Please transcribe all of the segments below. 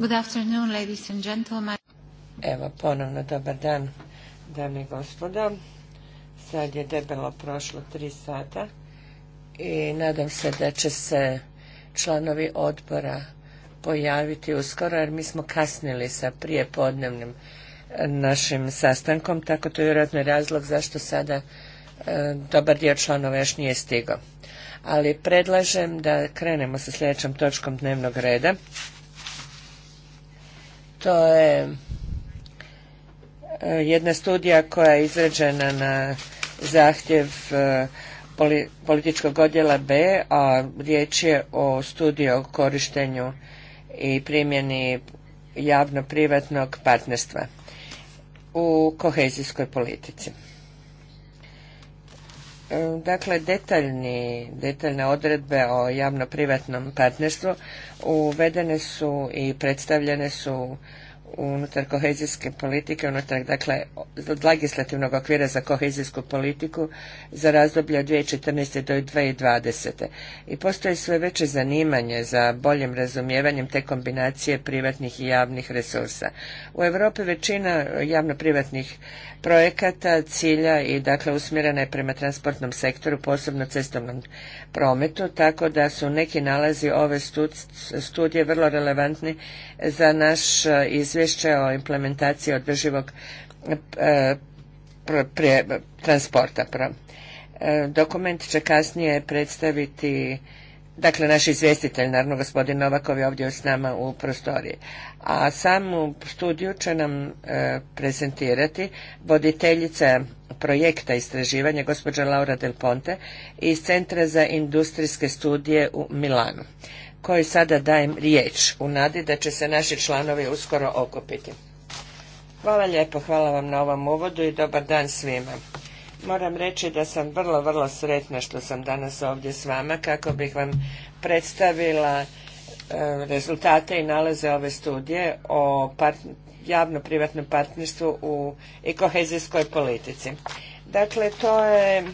Good afternoon, Evo, ponovno dobar dan, dame i gospodo. Sad je debelo prošlo tri sata i nadam se da će se članovi odbora pojaviti uskoro, jer mi smo kasnili sa prijepodnevnim eh, našim sastankom, tako to je vjerojatno razlog zašto sada eh, dobar dio članova još nije stigao. Ali predlažem da krenemo sa sljedećom točkom dnevnog reda. To je eh, jedna studija koja je izrađena na zahtjev eh, političkog odjela B, a riječ je o studiju o korištenju i primjeni javno-privatnog partnerstva u kohezijskoj politici. Dakle, detaljni, detaljne odredbe o javno-privatnom partnerstvu uvedene su i predstavljene su unutar kohezijske politike, unutar dakle legislativnog okvira za kohezijsku politiku za razdoblje od 2014. do 2020. I postoji sve veće zanimanje za boljim razumijevanjem te kombinacije privatnih i javnih resursa. U Europi većina javno-privatnih projekata cilja i dakle usmjerena je prema transportnom sektoru, posebno cestovnom prometu, tako da su neki nalazi ove studije vrlo relevantni za naš e, izvješće o implementaciji održivog e, transporta. E, dokument će kasnije predstaviti Dakle, naš izvjestitelj, naravno gospodin Novakov je ovdje s nama u prostoriji. A samu studiju će nam e, prezentirati voditeljica projekta istraživanja, gospođa Laura Del Ponte, iz Centra za industrijske studije u Milanu, koji sada dajem riječ u nadi da će se naši članovi uskoro okupiti. Hvala lijepo, hvala vam na ovom uvodu i dobar dan svima. Moram reći da sam vrlo, vrlo sretna što sam danas ovdje s vama kako bih vam predstavila e, rezultate i nalaze ove studije o javno-privatnom partnerstvu u i kohezijskoj politici. Dakle, to je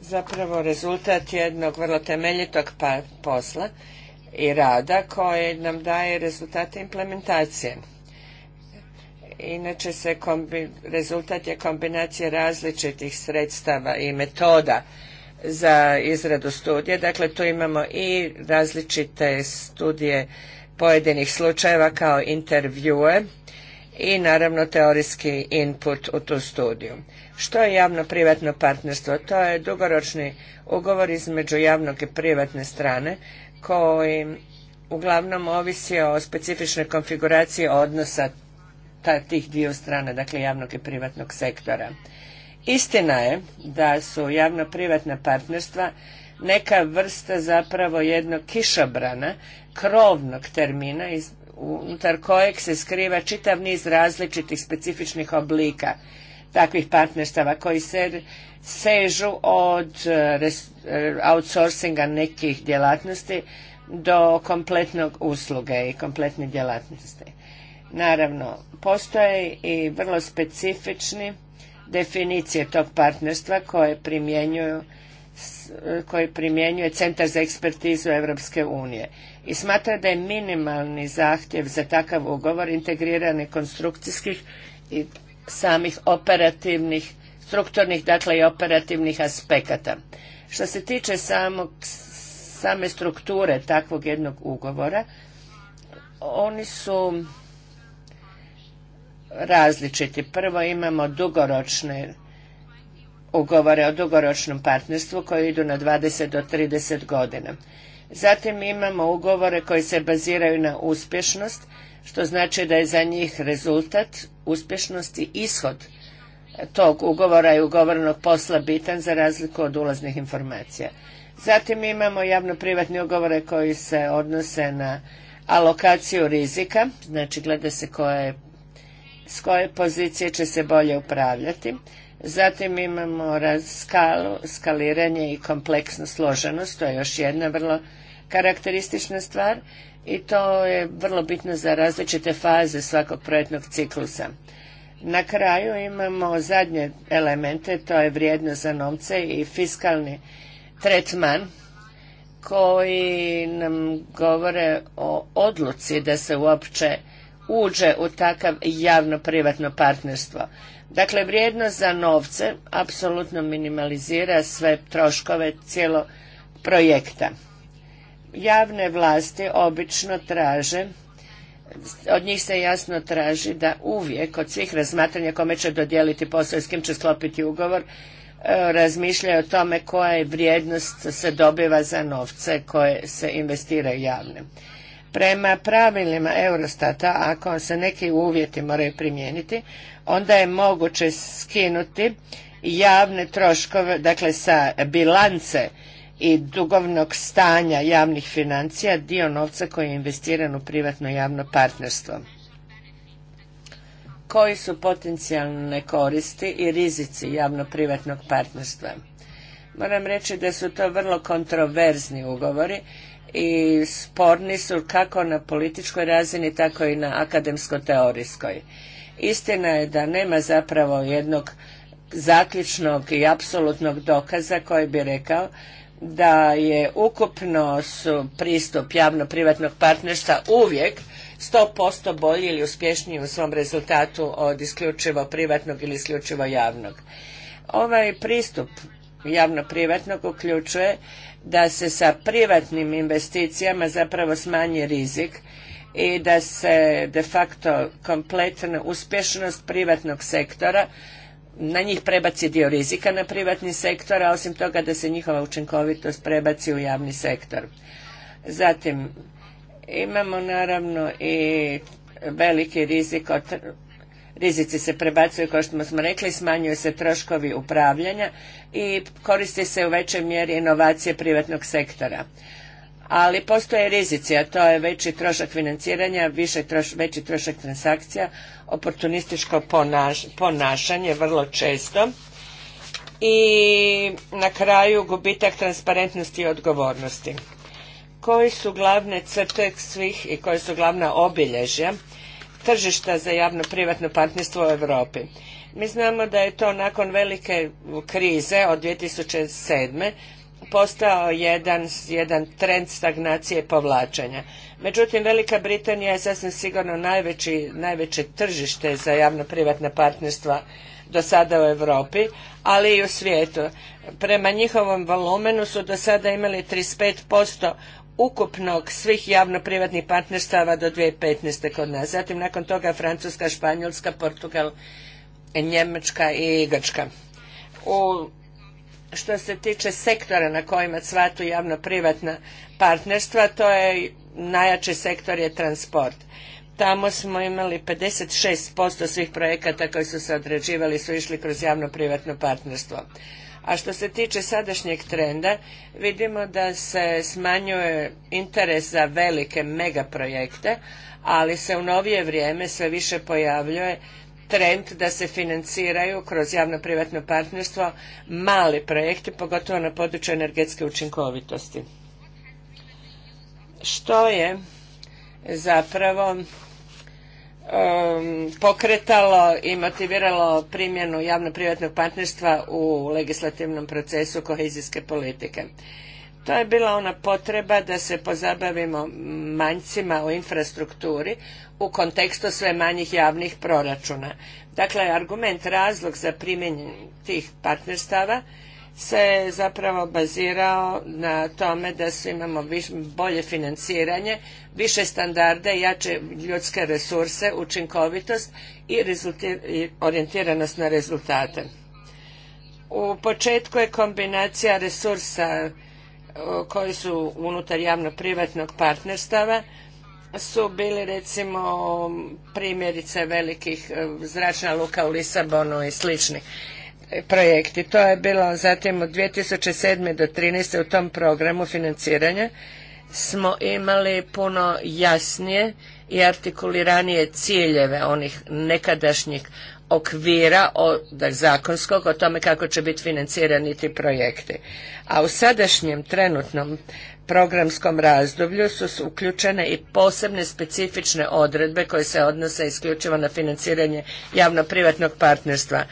zapravo rezultat jednog vrlo temeljitog pa, posla i rada koje nam daje rezultate implementacije inače se rezultat je kombinacije različitih sredstava i metoda za izradu studije. Dakle, tu imamo i različite studije pojedinih slučajeva kao intervjue i naravno teorijski input u tu studiju. Što je javno-privatno partnerstvo? To je dugoročni ugovor između javnog i privatne strane koji uglavnom ovisi o specifičnoj konfiguraciji odnosa tih dviju strana, dakle javnog i privatnog sektora. Istina je da su javno-privatna partnerstva neka vrsta zapravo jednog kišobrana, krovnog termina iz, unutar kojeg se skriva čitav niz različitih specifičnih oblika takvih partnerstava koji se sežu od e, e, outsourcinga nekih djelatnosti do kompletnog usluge i kompletne djelatnosti. Naravno, postoje i vrlo specifični definicije tog partnerstva koje primjenjuju koje primjenjuje Centar za ekspertizu Europske unije i smatra da je minimalni zahtjev za takav ugovor integrirani konstrukcijskih i samih operativnih, strukturnih dakle i operativnih aspekata. Što se tiče samog, same strukture takvog jednog ugovora, oni su različiti. Prvo imamo dugoročne ugovore o dugoročnom partnerstvu koji idu na 20 do 30 godina. Zatim imamo ugovore koji se baziraju na uspješnost, što znači da je za njih rezultat uspješnosti ishod tog ugovora i ugovornog posla bitan za razliku od ulaznih informacija. Zatim imamo javno-privatne ugovore koji se odnose na alokaciju rizika, znači gleda se koja je s koje pozicije će se bolje upravljati. Zatim imamo skalu, skaliranje i kompleksnu složenost, to je još jedna vrlo karakteristična stvar i to je vrlo bitno za različite faze svakog projektnog ciklusa. Na kraju imamo zadnje elemente, to je vrijednost za novce i fiskalni tretman koji nam govore o odluci da se uopće uđe u takav javno-privatno partnerstvo. Dakle, vrijednost za novce apsolutno minimalizira sve troškove cijelo projekta. Javne vlasti obično traže, od njih se jasno traži da uvijek od svih razmatranja kome će dodijeliti posao i s kim će sklopiti ugovor, e, razmišljaju o tome koja je vrijednost se dobiva za novce koje se investiraju javne. Prema pravilima Eurostata, ako se neki uvjeti moraju primijeniti, onda je moguće skinuti javne troškove, dakle sa bilance i dugovnog stanja javnih financija dio novca koji je investiran u privatno javno partnerstvo. Koji su potencijalne koristi i rizici javno-privatnog partnerstva? Moram reći da su to vrlo kontroverzni ugovori i sporni su kako na političkoj razini, tako i na akademsko-teorijskoj. Istina je da nema zapravo jednog zaključnog i apsolutnog dokaza koji bi rekao da je ukupno pristup javno-privatnog partnerstva uvijek 100% bolji ili uspješniji u svom rezultatu od isključivo privatnog ili isključivo javnog. Ovaj pristup javno-privatnog uključuje da se sa privatnim investicijama zapravo smanji rizik i da se de facto kompletna uspješnost privatnog sektora na njih prebaci dio rizika na privatni sektor, a osim toga da se njihova učinkovitost prebaci u javni sektor. Zatim, imamo naravno i veliki rizik od rizici se prebacuju, kao što smo rekli, smanjuju se troškovi upravljanja i koristi se u većoj mjeri inovacije privatnog sektora. Ali postoje rizici, a to je veći trošak financiranja, više veći trošak transakcija, oportunističko ponašanje vrlo često i na kraju gubitak transparentnosti i odgovornosti. Koji su glavne crte svih i koje su glavna obilježja tržišta za javno-privatno partnerstvo u Europi. Mi znamo da je to nakon velike krize od 2007. postao jedan, jedan trend stagnacije i povlačenja. Međutim, Velika Britanija je sasvim sigurno najveći, najveće tržište za javno-privatna partnerstva do sada u Europi, ali i u svijetu. Prema njihovom volumenu su do sada imali 35% ukupnog svih javno-privatnih partnerstava do 2015. kod nas. Zatim nakon toga Francuska, Španjolska, Portugal, Njemačka i Grčka. što se tiče sektora na kojima cvatu javno-privatna partnerstva, to je najjači sektor je transport. Tamo smo imali 56% svih projekata koji su se određivali su išli kroz javno-privatno partnerstvo. A što se tiče sadašnjeg trenda, vidimo da se smanjuje interes za velike megaprojekte, ali se u novije vrijeme sve više pojavljuje trend da se financiraju kroz javno-privatno partnerstvo mali projekti, pogotovo na području energetske učinkovitosti. Što je zapravo pokretalo i motiviralo primjenu javno-privatnog partnerstva u legislativnom procesu kohezijske politike. To je bila ona potreba da se pozabavimo manjcima u infrastrukturi u kontekstu sve manjih javnih proračuna. Dakle, argument, razlog za primjenjenje tih partnerstava se zapravo bazirao na tome da imamo bolje financiranje, više standarde, jače ljudske resurse, učinkovitost i, orijentiranost na rezultate. U početku je kombinacija resursa koji su unutar javno-privatnog partnerstava su bili recimo primjerice velikih e, zračna luka u Lisabonu i sličnih projekti. To je bilo zatim od 2007. do 2013. u tom programu financiranja smo imali puno jasnije i artikuliranije ciljeve onih nekadašnjih okvira od, zakonskog o tome kako će biti financirani ti projekti. A u sadašnjem trenutnom programskom razdoblju su uključene i posebne specifične odredbe koje se odnose isključivo na financiranje javno-privatnog partnerstva.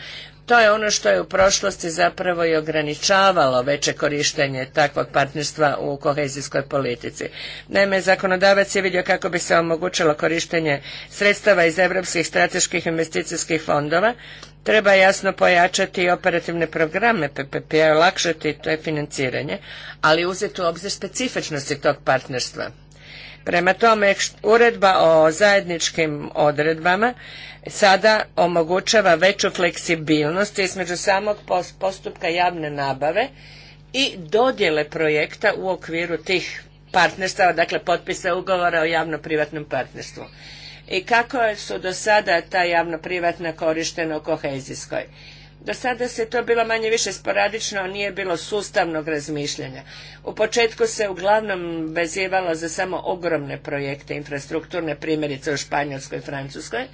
To je ono što je u prošlosti zapravo i ograničavalo veće korištenje takvog partnerstva u kohezijskoj politici. Naime, zakonodavac je vidio kako bi se omogućilo korištenje sredstava iz europskih strateških investicijskih fondova, treba jasno pojačati i operativne programe PPP-a, olakšati to je financiranje, ali uzeti u obzir specifičnosti tog partnerstva. Prema tome, uredba o zajedničkim odredbama sada omogućava veću fleksibilnost između samog postupka javne nabave i dodjele projekta u okviru tih partnerstava, dakle potpisa ugovora o javno-privatnom partnerstvu. I kako su do sada ta javno-privatna korištena u kohezijskoj? Do sada se to bilo manje više sporadično, nije bilo sustavnog razmišljanja. U početku se uglavnom vezivalo za samo ogromne projekte infrastrukturne, primjerice u Španjolskoj i Francuskoj,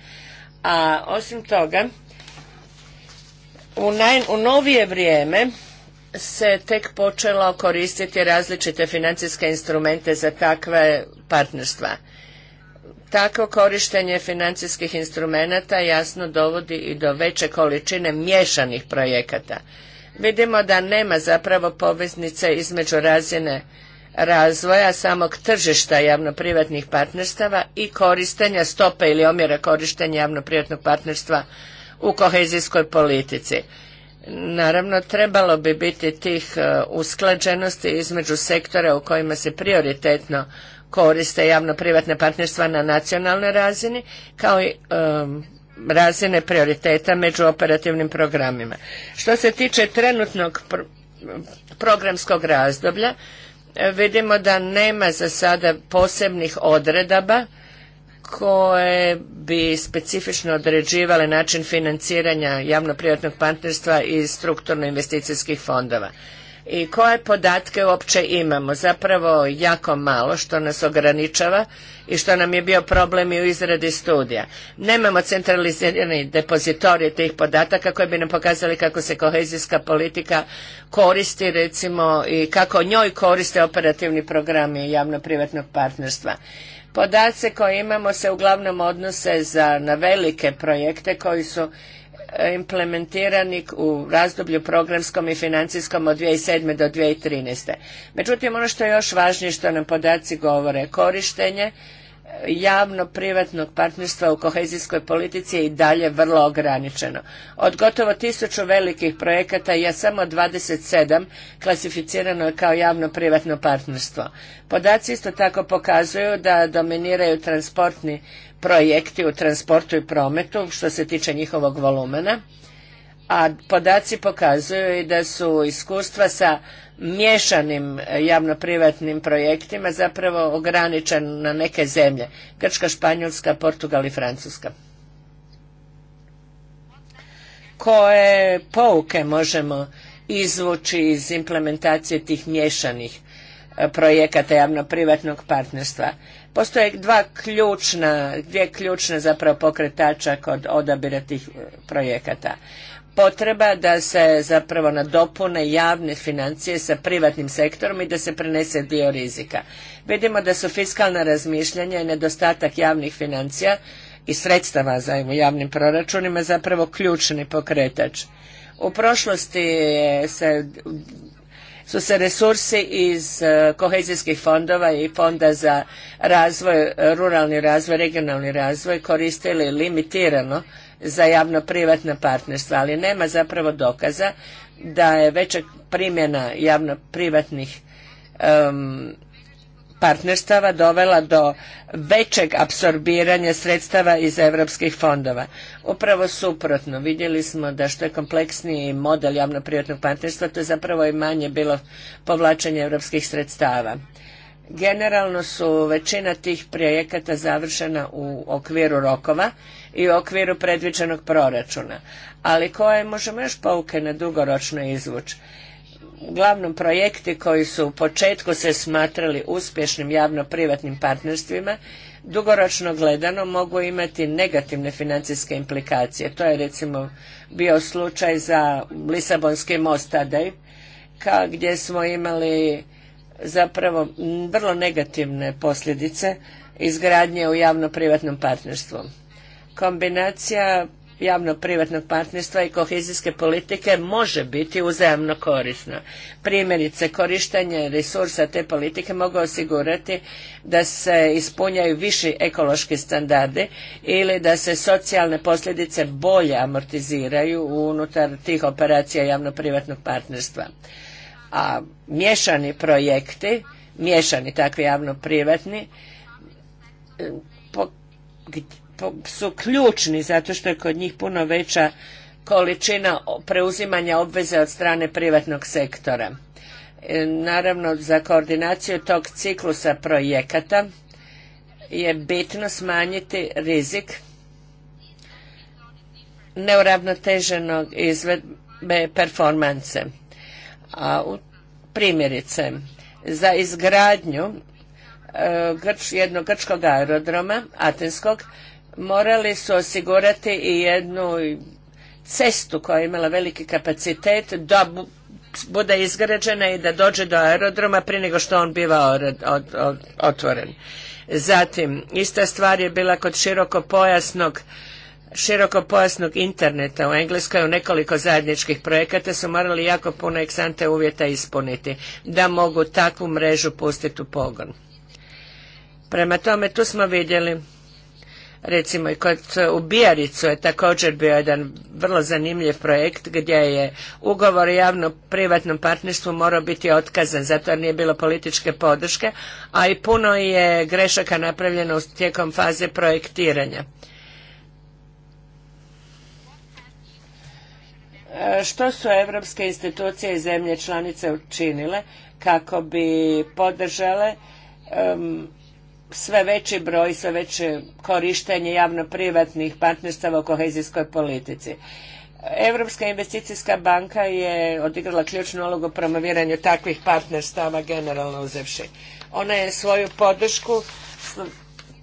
a osim toga u, naj, u novije vrijeme se tek počelo koristiti različite financijske instrumente za takve partnerstva. Tako korištenje financijskih instrumenata jasno dovodi i do veće količine miješanih projekata. Vidimo da nema zapravo poveznice između razine razvoja samog tržišta javno-privatnih partnerstava i korištenja stope ili omjera korištenja javno-privatnog partnerstva u kohezijskoj politici. Naravno, trebalo bi biti tih e, usklađenosti između sektora u kojima se prioritetno koriste javno-privatne partnerstva na nacionalnoj razini kao i um, razine prioriteta među operativnim programima. Što se tiče trenutnog programskog razdoblja, vidimo da nema za sada posebnih odredaba koje bi specifično određivale način financiranja javno-privatnog partnerstva iz strukturno-investicijskih fondova i koje podatke uopće imamo. Zapravo jako malo što nas ograničava i što nam je bio problem i u izradi studija. Nemamo centralizirani depozitorij tih podataka koji bi nam pokazali kako se kohezijska politika koristi recimo i kako njoj koriste operativni programi javno-privatnog partnerstva. Podace koje imamo se uglavnom odnose za, na velike projekte koji su implementirani u razdoblju programskom i financijskom od 2007. do 2013. Međutim, ono što je još važnije što nam podaci govore, korištenje javno-privatnog partnerstva u kohezijskoj politici je i dalje vrlo ograničeno. Od gotovo tisuću velikih projekata je samo 27 klasificirano kao javno-privatno partnerstvo. Podaci isto tako pokazuju da dominiraju transportni projekti u transportu i prometu što se tiče njihovog volumena a podaci pokazuju i da su iskustva sa miješanim e, javno-privatnim projektima zapravo ograničen na neke zemlje. Grčka, Španjolska, Portugal i Francuska. Koje pouke možemo izvući iz implementacije tih miješanih e, projekata javno-privatnog partnerstva? Postoje dva ključna, dvije ključne zapravo pokretača kod odabira tih e, projekata potreba da se zapravo nadopune javne financije sa privatnim sektorom i da se prenese dio rizika. Vidimo da su fiskalna razmišljanja i nedostatak javnih financija i sredstava za javnim proračunima zapravo ključni pokretač. U prošlosti se, su se resursi iz e, kohezijskih fondova i fonda za razvoj, ruralni razvoj, regionalni razvoj koristili limitirano za javno-privatna partnerstva, ali nema zapravo dokaza da je veća primjena javno-privatnih partnerstava dovela do većeg apsorbiranja sredstava iz europskih fondova. Upravo suprotno, vidjeli smo da što je kompleksniji model javno-privatnog partnerstva, to je zapravo i manje bilo povlačenje europskih sredstava. Generalno su većina tih projekata završena u okviru rokova i u okviru predviđenog proračuna, ali koje možemo još pouke na dugoročno izvući. Uglavnom projekti koji su u početku se smatrali uspješnim javno-privatnim partnerstvima, dugoročno gledano mogu imati negativne financijske implikacije. To je recimo bio slučaj za Lisabonski most tada, gdje smo imali zapravo vrlo negativne posljedice izgradnje u javno-privatnom partnerstvu. Kombinacija javno-privatnog partnerstva i kohezijske politike može biti uzajamno korisna. Primjerice, korištenje resursa te politike mogu osigurati da se ispunjaju viši ekološki standardi ili da se socijalne posljedice bolje amortiziraju unutar tih operacija javno-privatnog partnerstva a miješani projekti, miješani takvi javno-privatni, su ključni zato što je kod njih puno veća količina preuzimanja obveze od strane privatnog sektora. E, naravno, za koordinaciju tog ciklusa projekata je bitno smanjiti rizik neuravnoteženog izvedbe performance. A primjerice, za izgradnju e, jednog grčkog aerodroma, atenskog, morali su osigurati i jednu cestu koja je imala veliki kapacitet da bude izgrađena i da dođe do aerodroma prije nego što on biva otvoren. Zatim, ista stvar je bila kod širokopojasnog širokopojasnog interneta u Engleskoj u nekoliko zajedničkih projekata su morali jako puno eksante uvjeta ispuniti da mogu takvu mrežu pustiti u pogon. Prema tome tu smo vidjeli recimo i kod u je također bio jedan vrlo zanimljiv projekt gdje je ugovor o javno-privatnom partnerstvu morao biti otkazan zato jer nije bilo političke podrške, a i puno je grešaka napravljeno tijekom faze projektiranja. što su europske institucije i zemlje članice učinile kako bi podržale sve veći broj, sve veće korištenje javno-privatnih partnerstava u kohezijskoj politici. Europska investicijska banka je odigrala ključnu ulogu promoviranju takvih partnerstava generalno uzevši. Ona je svoju podršku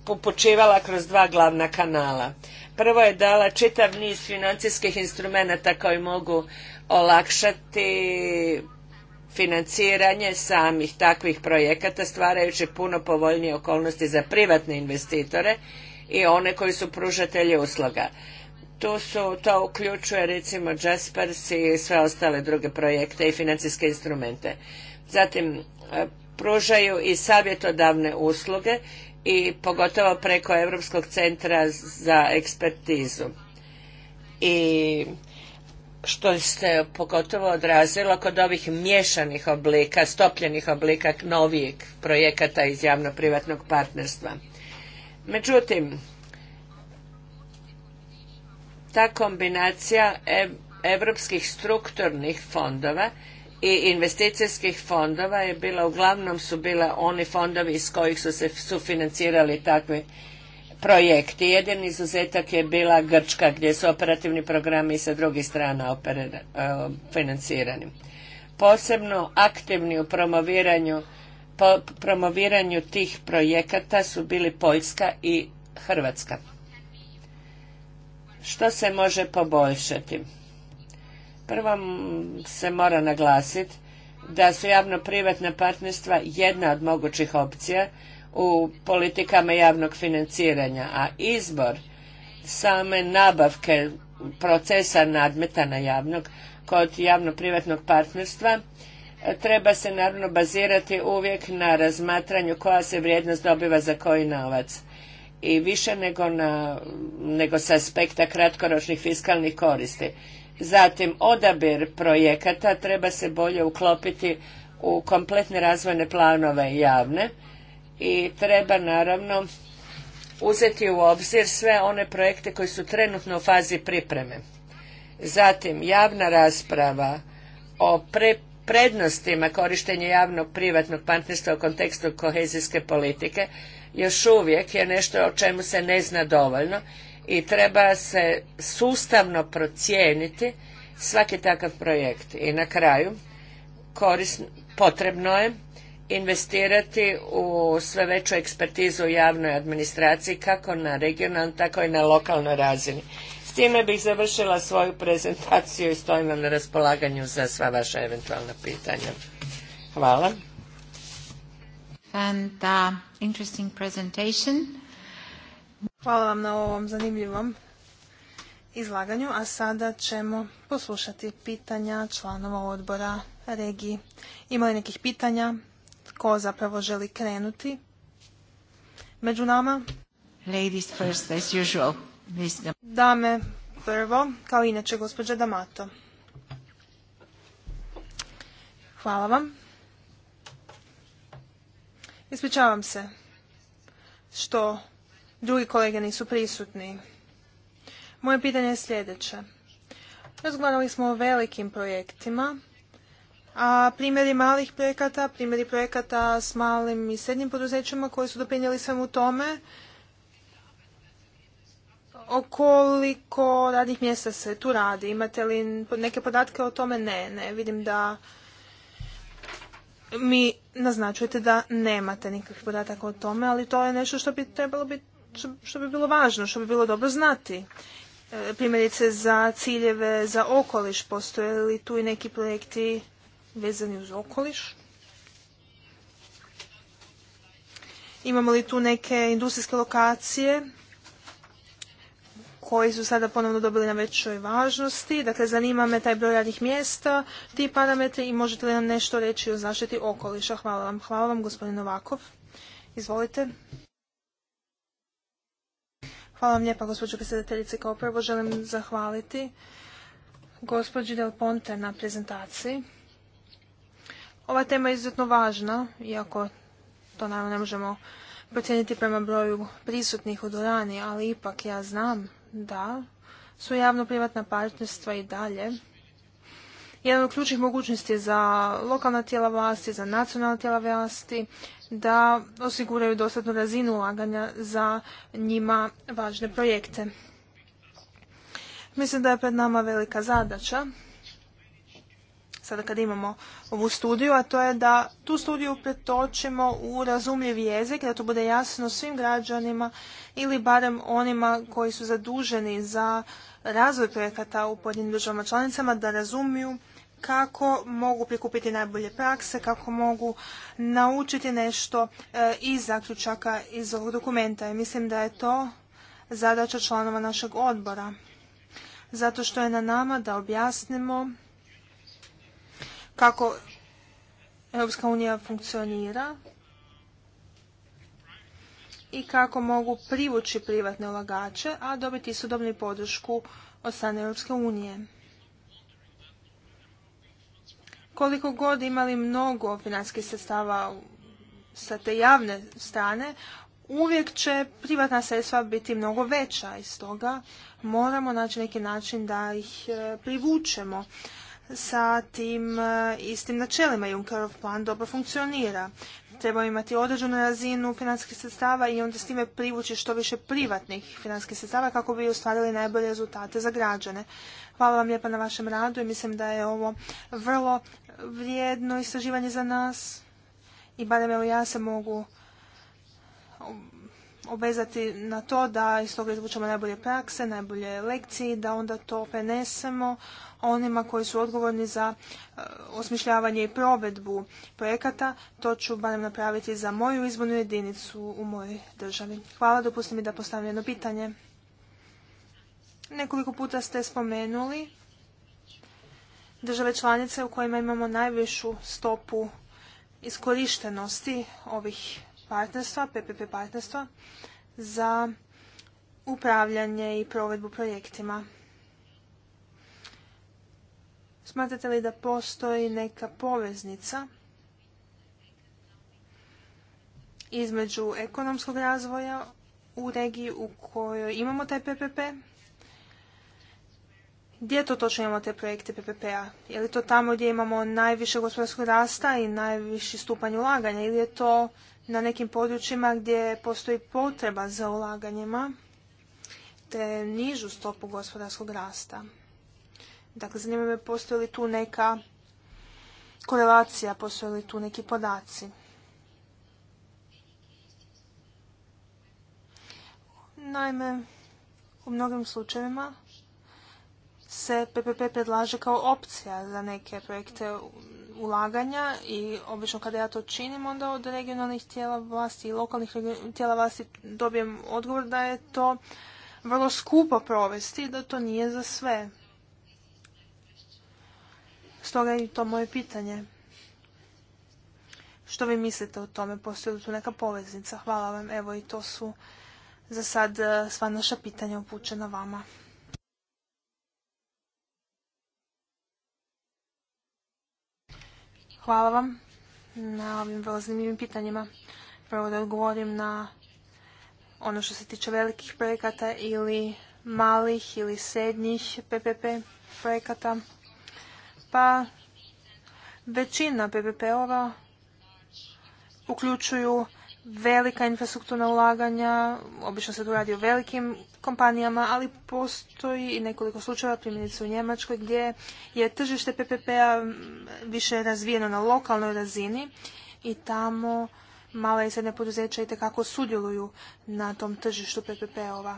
upućivala kroz dva glavna kanala. Prvo je dala čitav niz financijskih instrumenata koji mogu olakšati financiranje samih takvih projekata stvarajući puno povoljnije okolnosti za privatne investitore i one koji su pružatelji usluga. Tu su, to uključuje recimo Jaspers i sve ostale druge projekte i financijske instrumente. Zatim e, pružaju i savjetodavne usluge i pogotovo preko Europskog centra za ekspertizu. I što se pogotovo odrazilo kod ovih miješanih oblika, stopljenih oblika novijeg projekata iz javno-privatnog partnerstva. Međutim, ta kombinacija europskih strukturnih fondova i investicijskih fondova je bila, uglavnom su bila oni fondovi iz kojih su se sufinancirali takvi projekti. Jedan izuzetak je bila Grčka gdje su operativni programi sa drugih strana um, financirani. Posebno aktivni u promoviranju, promoviranju tih projekata su bili Poljska i Hrvatska. Što se može poboljšati? Prvo se mora naglasiti da su javno-privatna partnerstva jedna od mogućih opcija u politikama javnog financiranja, a izbor same nabavke procesa nadmetana javnog kod javno-privatnog partnerstva e, treba se naravno bazirati uvijek na razmatranju koja se vrijednost dobiva za koji novac i više nego, na, nego sa aspekta kratkoročnih fiskalnih koristi Zatim, odabir projekata treba se bolje uklopiti u kompletne razvojne planove javne i treba naravno uzeti u obzir sve one projekte koji su trenutno u fazi pripreme. Zatim, javna rasprava o prednostima korištenja javnog privatnog partnerstva u kontekstu kohezijske politike još uvijek je nešto o čemu se ne zna dovoljno i treba se sustavno procijeniti svaki takav projekt. I na kraju potrebno je investirati u sve veću ekspertizu u javnoj administraciji kako na regionalnoj tako i na lokalnoj razini. S time bih završila svoju prezentaciju i stojim vam na raspolaganju za sva vaša eventualna pitanja. Hvala. Uh, Hvala vam na ovom zanimljivom izlaganju, a sada ćemo poslušati pitanja članova odbora regiji. Ima li nekih pitanja? Tko zapravo želi krenuti? Među nama? Ladies first, as usual. Dame prvo, kao inače gospođa Damato. Hvala vam. Ispričavam se što drugi kolege nisu prisutni. Moje pitanje je sljedeće. Razgovarali smo o velikim projektima, a primjeri malih projekata, primjeri projekata s malim i srednjim poduzećima koji su doprinijeli svemu tome, okoliko radnih mjesta se tu radi? Imate li neke podatke o tome? Ne, ne. Vidim da mi naznačujete da nemate nikakvih podataka o tome, ali to je nešto što bi trebalo biti što bi bilo važno, što bi bilo dobro znati. E, primjerice za ciljeve za okoliš, postoje li tu i neki projekti vezani uz okoliš? Imamo li tu neke industrijske lokacije koji su sada ponovno dobili na većoj važnosti? Dakle, zanima me taj broj radnih mjesta, ti parametri i možete li nam nešto reći o zaštiti okoliša? Hvala vam. Hvala vam, gospodin Novakov. Izvolite. Hvala vam lijepa, gospođo predsjedateljice. Kao prvo želim zahvaliti gospođi Del Ponte na prezentaciji. Ova tema je izuzetno važna, iako to naravno ne možemo procijeniti prema broju prisutnih u Dorani, ali ipak ja znam da su javno-privatna partnerstva i dalje jedan od ključnih mogućnosti za lokalna tijela vlasti, za nacionalna tijela vlasti, da osiguraju dostatnu razinu ulaganja za njima važne projekte. Mislim da je pred nama velika zadaća, sada kad imamo ovu studiju, a to je da tu studiju pretočimo u razumljiv jezik, da to bude jasno svim građanima ili barem onima koji su zaduženi za razvoj projekata u pojedinim državama članicama, da razumiju kako mogu prikupiti najbolje prakse, kako mogu naučiti nešto eh, iz zaključaka iz ovog dokumenta. I mislim da je to zadaća članova našeg odbora. Zato što je na nama da objasnimo kako Europska unija funkcionira i kako mogu privući privatne ulagače, a dobiti sudobnu podršku od strane Europske unije koliko god imali mnogo financijskih sredstava sa te javne strane, uvijek će privatna sredstva biti mnogo veća i stoga moramo naći neki način da ih e, privučemo sa tim e, istim načelima. Junckerov plan dobro funkcionira. Treba imati određenu razinu financijskih sredstava i onda s time privući što više privatnih financijskih sredstava kako bi ostvarili najbolje rezultate za građane. Hvala vam lijepa na vašem radu i mislim da je ovo vrlo vrijedno istraživanje za nas i barem evo ja se mogu obvezati na to da iz toga izvučemo najbolje prakse, najbolje lekcije i da onda to prenesemo onima koji su odgovorni za eh, osmišljavanje i provedbu projekata. To ću barem napraviti za moju izbornu jedinicu u mojoj državi. Hvala, dopusti mi da postavim jedno pitanje. Nekoliko puta ste spomenuli države članice u kojima imamo najvišu stopu iskorištenosti ovih partnerstva, PPP partnerstva, za upravljanje i provedbu projektima. Smatrate li da postoji neka poveznica između ekonomskog razvoja u regiji u kojoj imamo te PPP gdje to točno imamo te projekte PPP-a? Je li to tamo gdje imamo najviše gospodarskog rasta i najviši stupanj ulaganja ili je to na nekim područjima gdje postoji potreba za ulaganjima te nižu stopu gospodarskog rasta? Dakle, zanima me postoji li tu neka korelacija, postoji li tu neki podaci. Naime, u mnogim slučajevima se PPP predlaže kao opcija za neke projekte ulaganja i obično kada ja to činim onda od regionalnih tijela vlasti i lokalnih tijela vlasti dobijem odgovor da je to vrlo skupo provesti i da to nije za sve. Stoga je to moje pitanje. Što vi mislite o tome? Postoji li tu neka poveznica? Hvala vam. Evo i to su za sad eh, sva naša pitanja upućena vama. Hvala vam na ovim vrlo zanimljivim pitanjima. Prvo da odgovorim na ono što se tiče velikih projekata ili malih ili srednjih PPP projekata. Pa većina PPP-ova uključuju velika infrastrukturna ulaganja, obično se tu radi o velikim kompanijama, ali postoji i nekoliko slučajeva, primjerice u Njemačkoj, gdje je tržište PPP-a više razvijeno na lokalnoj razini i tamo mala i srednja poduzeća i tekako sudjeluju na tom tržištu PPP-ova.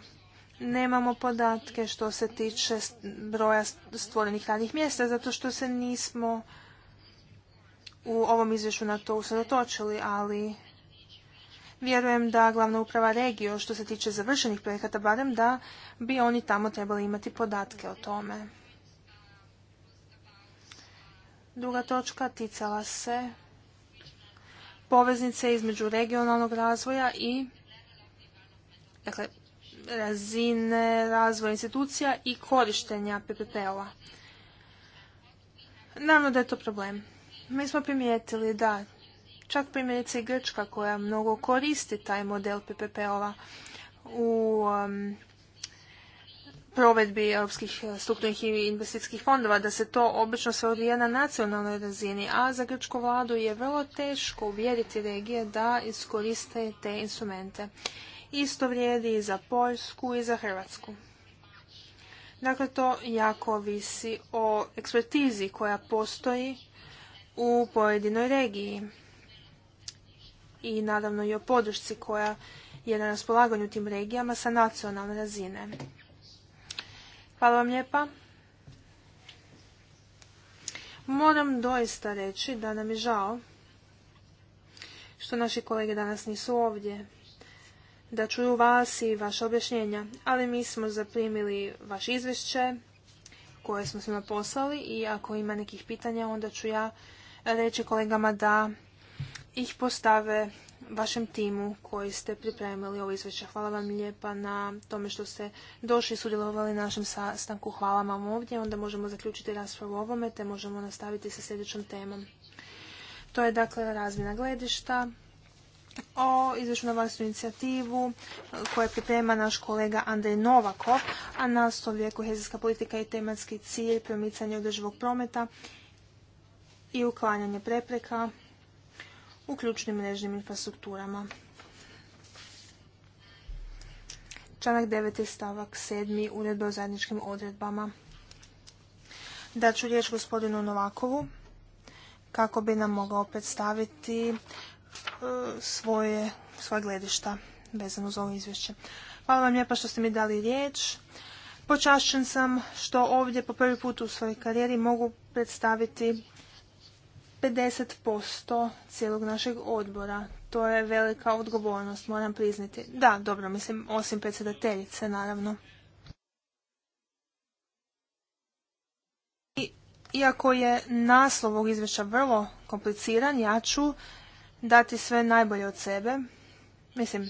Nemamo podatke što se tiče broja stvorenih radnih mjesta, zato što se nismo u ovom izvješću na to usredotočili, ali vjerujem da glavna uprava regio što se tiče završenih projekata barem da bi oni tamo trebali imati podatke o tome. Druga točka ticala se poveznice između regionalnog razvoja i dakle, razine razvoja institucija i korištenja PPP-ova. Naravno da je to problem. Mi smo primijetili da Čak primjerice i Grčka koja mnogo koristi taj model PPP-ova u um, provedbi europskih strukturnih i investicijskih fondova, da se to obično se odvija na nacionalnoj razini, a za grčku vladu je vrlo teško uvjeriti regije da iskoriste te instrumente. Isto vrijedi i za Poljsku i za Hrvatsku. Dakle, to jako visi o ekspertizi koja postoji u pojedinoj regiji i naravno i o podršci koja je na raspolaganju tim regijama sa nacionalne razine. Hvala vam lijepa. Moram doista reći da nam je žao što naši kolege danas nisu ovdje, da čuju vas i vaše objašnjenja, ali mi smo zaprimili vaše izvješće koje smo svima poslali i ako ima nekih pitanja onda ću ja reći kolegama da ih postave vašem timu koji ste pripremili ovo izvješće. Hvala vam lijepa na tome što ste došli i sudjelovali na našem sastanku. Hvala vam ovdje. Onda možemo zaključiti raspravu o ovome te možemo nastaviti sa sljedećom temom. To je dakle razmjena gledišta o na vlastnu inicijativu je priprema naš kolega Andrej Novako, a naslov je kohezijska politika i tematski cilj promicanje održivog prometa i uklanjanje prepreka u ključnim mrežnim infrastrukturama. Članak 9. stavak 7. uredbe o zajedničkim odredbama. Daću riječ gospodinu Novakovu kako bi nam mogao predstaviti e, svoje, svoje gledišta vezano uz ovo izvješće. Hvala vam lijepa što ste mi dali riječ. Počašćen sam što ovdje po prvi put u svojoj karijeri mogu predstaviti 50% cijelog našeg odbora. To je velika odgovornost, moram priznati. Da, dobro, mislim, osim predsjedateljice, naravno. I, iako je naslov ovog izvješća vrlo kompliciran, ja ću dati sve najbolje od sebe. Mislim,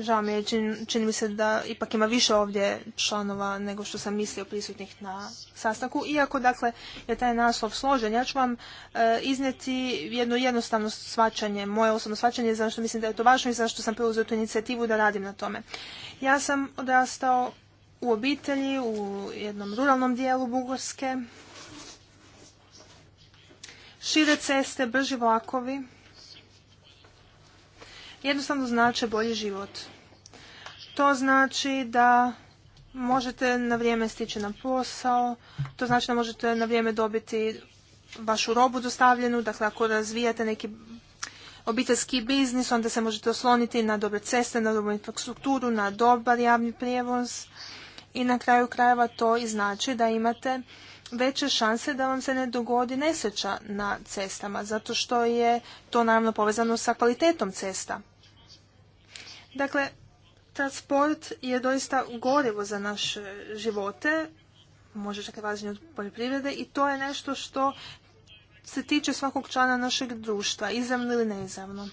Žao mi je, čini, mi se da ipak ima više ovdje članova nego što sam mislio prisutnih na sastanku. Iako dakle je taj naslov složen, ja ću vam e, iznijeti jedno jednostavno svačanje, moje osobno svačanje, zašto mislim da je to važno i zašto sam preuzeo tu inicijativu da radim na tome. Ja sam odrastao u obitelji, u jednom ruralnom dijelu Bugorske, Šire ceste, brži vlakovi, jednostavno znače bolji život. To znači da možete na vrijeme stići na posao, to znači da možete na vrijeme dobiti vašu robu dostavljenu, dakle ako razvijate neki obiteljski biznis, onda se možete osloniti na dobre ceste, na dobru infrastrukturu, na dobar javni prijevoz i na kraju krajeva to i znači da imate veće šanse da vam se ne dogodi nesreća na cestama, zato što je to naravno povezano sa kvalitetom cesta. Dakle, transport je doista gorivo za naše živote, može čak i važnije od poljoprivrede i to je nešto što se tiče svakog člana našeg društva, izravno ili neizravno.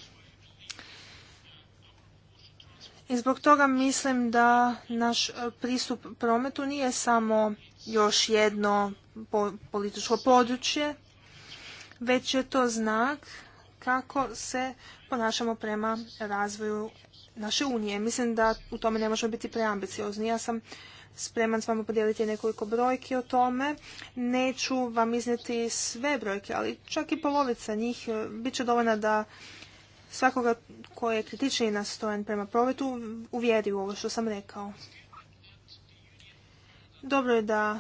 I zbog toga mislim da naš pristup prometu nije samo još jedno političko područje, već je to znak kako se ponašamo prema razvoju naše unije. Mislim da u tome ne možemo biti preambiciozni. Ja sam spreman s vama podijeliti nekoliko brojki o tome. Neću vam iznijeti sve brojke, ali čak i polovica njih e, bit će dovoljna da svakoga koji je kritičniji nastojen prema provetu uvjeri u ovo što sam rekao. Dobro je da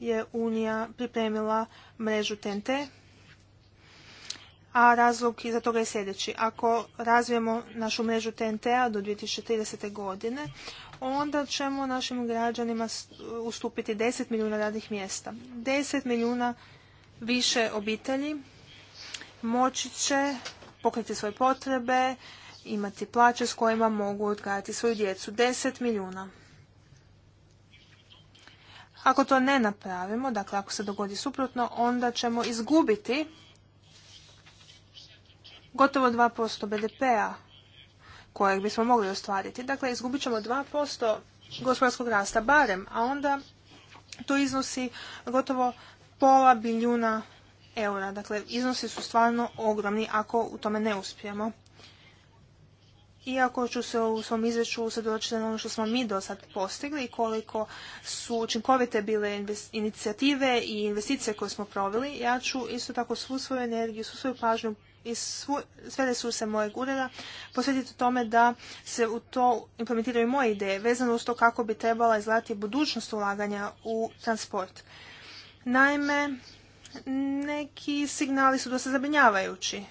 je Unija pripremila mrežu TNT a razlog za toga je sljedeći. Ako razvijemo našu mrežu TNT-a do 2030. godine, onda ćemo našim građanima ustupiti 10 milijuna radnih mjesta. 10 milijuna više obitelji moći će pokriti svoje potrebe, imati plaće s kojima mogu odgajati svoju djecu. 10 milijuna. Ako to ne napravimo, dakle ako se dogodi suprotno, onda ćemo izgubiti gotovo 2% BDP-a kojeg bismo mogli ostvariti. Dakle, izgubit ćemo 2% gospodarskog rasta barem, a onda to iznosi gotovo pola biljuna eura. Dakle, iznosi su stvarno ogromni ako u tome ne uspijemo. Iako ću se u svom izveću usredočiti na ono što smo mi do sad postigli i koliko su učinkovite bile inicijative i investicije koje smo proveli, ja ću isto tako svu svoju energiju, svu svoju pažnju i sve resurse mojeg ureda posvetiti tome da se u to implementiraju moje ideje vezano uz to kako bi trebala izgledati budućnost ulaganja u transport. Naime, neki signali su dosta zabrinjavajući.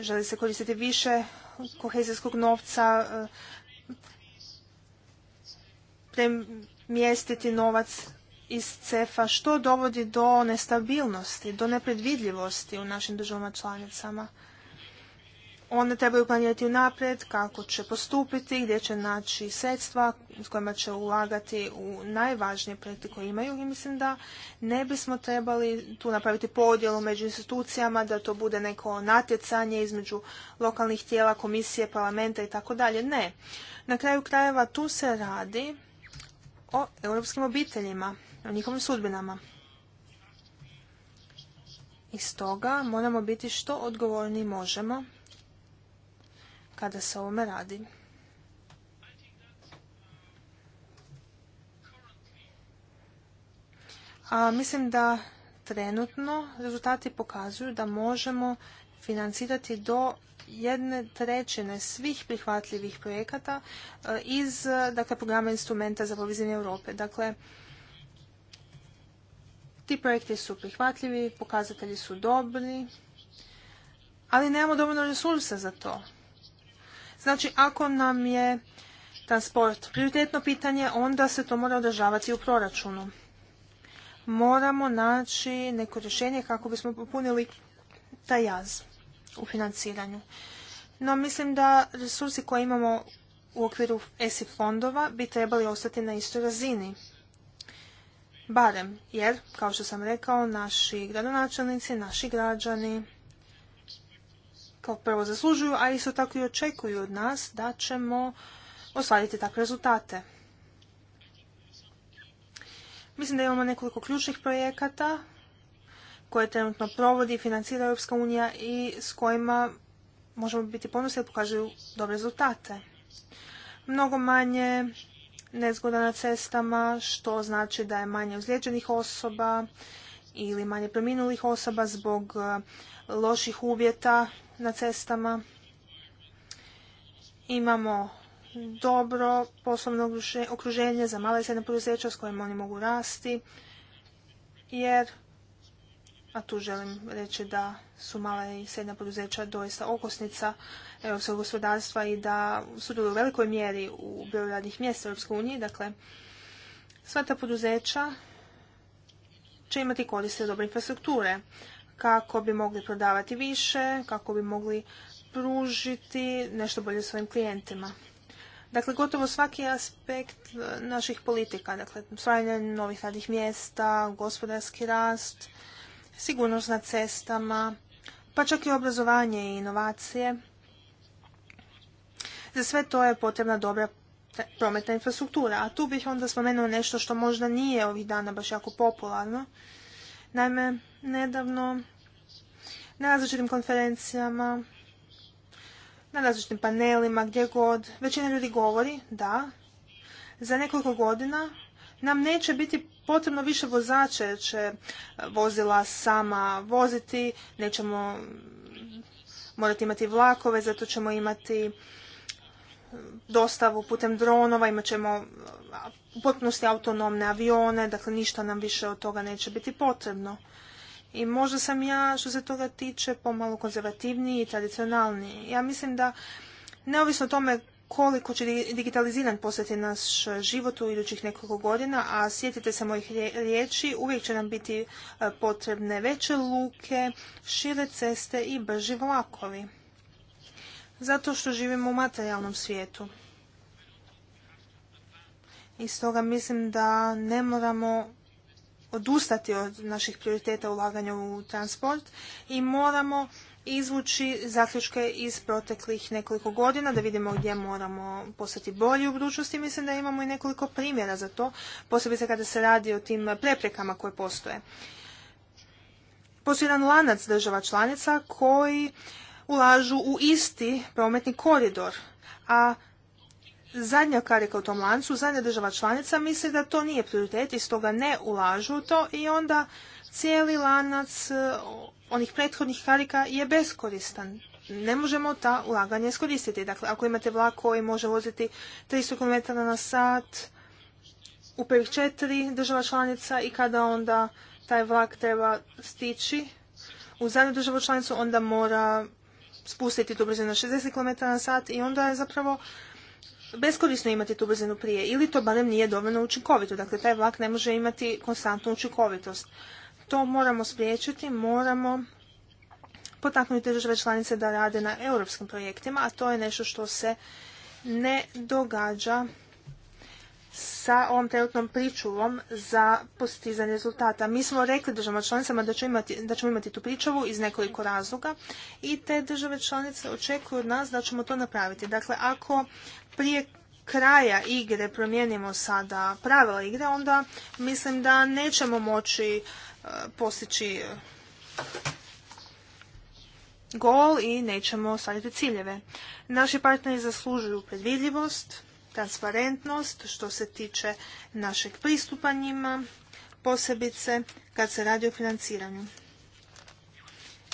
Želi se koristiti više kohezijskog novca, eh, premjestiti novac iz CEF-a što dovodi do nestabilnosti, do nepredvidljivosti u našim državama članicama. One trebaju planirati unaprijed kako će postupiti, gdje će naći sredstva s kojima će ulagati u najvažnije projekte koje imaju i mislim da ne bismo trebali tu napraviti podjelu među institucijama, da to bude neko natjecanje između lokalnih tijela, komisije, parlamenta i tako dalje. Ne. Na kraju krajeva tu se radi o europskim obiteljima o njihovim sudbinama. I stoga moramo biti što odgovorni možemo kada se ovome radi. A mislim da trenutno rezultati pokazuju da možemo financirati do jedne trećine svih prihvatljivih projekata e, iz dakle, programa instrumenta za povizanje Europe. Dakle, ti projekti su prihvatljivi, pokazatelji su dobri, ali nemamo dovoljno resursa za to. Znači, ako nam je transport prioritetno pitanje, onda se to mora održavati u proračunu. Moramo naći neko rješenje kako bismo popunili taj jaz u financiranju. No, mislim da resursi koje imamo u okviru ESI fondova bi trebali ostati na istoj razini barem jer, kao što sam rekao, naši gradonačelnici, naši građani kao prvo zaslužuju, a isto tako i očekuju od nas da ćemo ostvariti takve rezultate. Mislim da imamo nekoliko ključnih projekata koje trenutno provodi i financira Europska unija i s kojima možemo biti ponosni da pokažu dobre rezultate. Mnogo manje nezgoda na cestama, što znači da je manje ozlijeđenih osoba ili manje preminulih osoba zbog e, loših uvjeta na cestama. Imamo dobro poslovno okruženje za male i srednje poduzeća s kojima oni mogu rasti, jer a tu želim reći da su mala i srednja poduzeća doista okosnica europskog gospodarstva i da sudjeluju u velikoj mjeri u broju radnih mjesta u Europskoj uniji. Dakle, sva ta poduzeća će imati koriste dobre infrastrukture kako bi mogli prodavati više, kako bi mogli pružiti nešto bolje svojim klijentima. Dakle, gotovo svaki aspekt naših politika, dakle, stvaranje novih radnih mjesta, gospodarski rast, sigurnost na cestama, pa čak i obrazovanje i inovacije. Za sve to je potrebna dobra prometna infrastruktura, a tu bih onda spomenuo nešto što možda nije ovih dana baš jako popularno. Naime, nedavno na različitim konferencijama, na različitim panelima, gdje god, većina ljudi govori da za nekoliko godina nam neće biti potrebno više vozača jer će vozila sama voziti, nećemo morati imati vlakove, zato ćemo imati e, dostavu putem dronova, imat ćemo u potpunosti autonomne avione, dakle ništa nam više od toga neće biti potrebno. I možda sam ja, što se toga tiče, pomalo konzervativniji i tradicionalniji. Ja mislim da, neovisno o tome koliko će digitaliziran postati naš život u idućih nekoliko godina, a sjetite se mojih riječi, uvijek će nam biti e, potrebne veće luke, šire ceste i brži vlakovi. Zato što živimo u materijalnom svijetu. I stoga mislim da ne moramo odustati od naših prioriteta ulaganja u transport i moramo izvući zaključke iz proteklih nekoliko godina, da vidimo gdje moramo postati bolji u budućnosti. Mislim da imamo i nekoliko primjera za to, posebice kada se radi o tim preprekama koje postoje. Postoji jedan lanac država članica koji ulažu u isti prometni koridor, a zadnja karika u tom lancu, zadnja država članica misli da to nije prioritet i stoga ne ulažu u to i onda cijeli lanac onih prethodnih karika je beskoristan. Ne možemo ta ulaganja iskoristiti. Dakle, ako imate vlak koji može voziti 300 km na sat u prvih četiri država članica i kada onda taj vlak treba stići u zadnju državu članicu, onda mora spustiti tu brzinu na 60 km na sat i onda je zapravo beskorisno imati tu brzinu prije ili to barem nije dovoljno učinkovito. Dakle, taj vlak ne može imati konstantnu učinkovitost. To moramo spriječiti, moramo potaknuti države članice da rade na europskim projektima, a to je nešto što se ne događa sa ovom trenutnom pričuvom za postizanje rezultata. Mi smo rekli državama članicama da ćemo imati, tu pričuvu iz nekoliko razloga i te države članice očekuju od nas da ćemo to napraviti. Dakle, ako prije kraja igre promijenimo sada pravila igre, onda mislim da nećemo moći e, postići e, gol i nećemo staviti ciljeve. Naši partneri zaslužuju predvidljivost, transparentnost što se tiče našeg pristupa njima, posebice kad se radi o financiranju.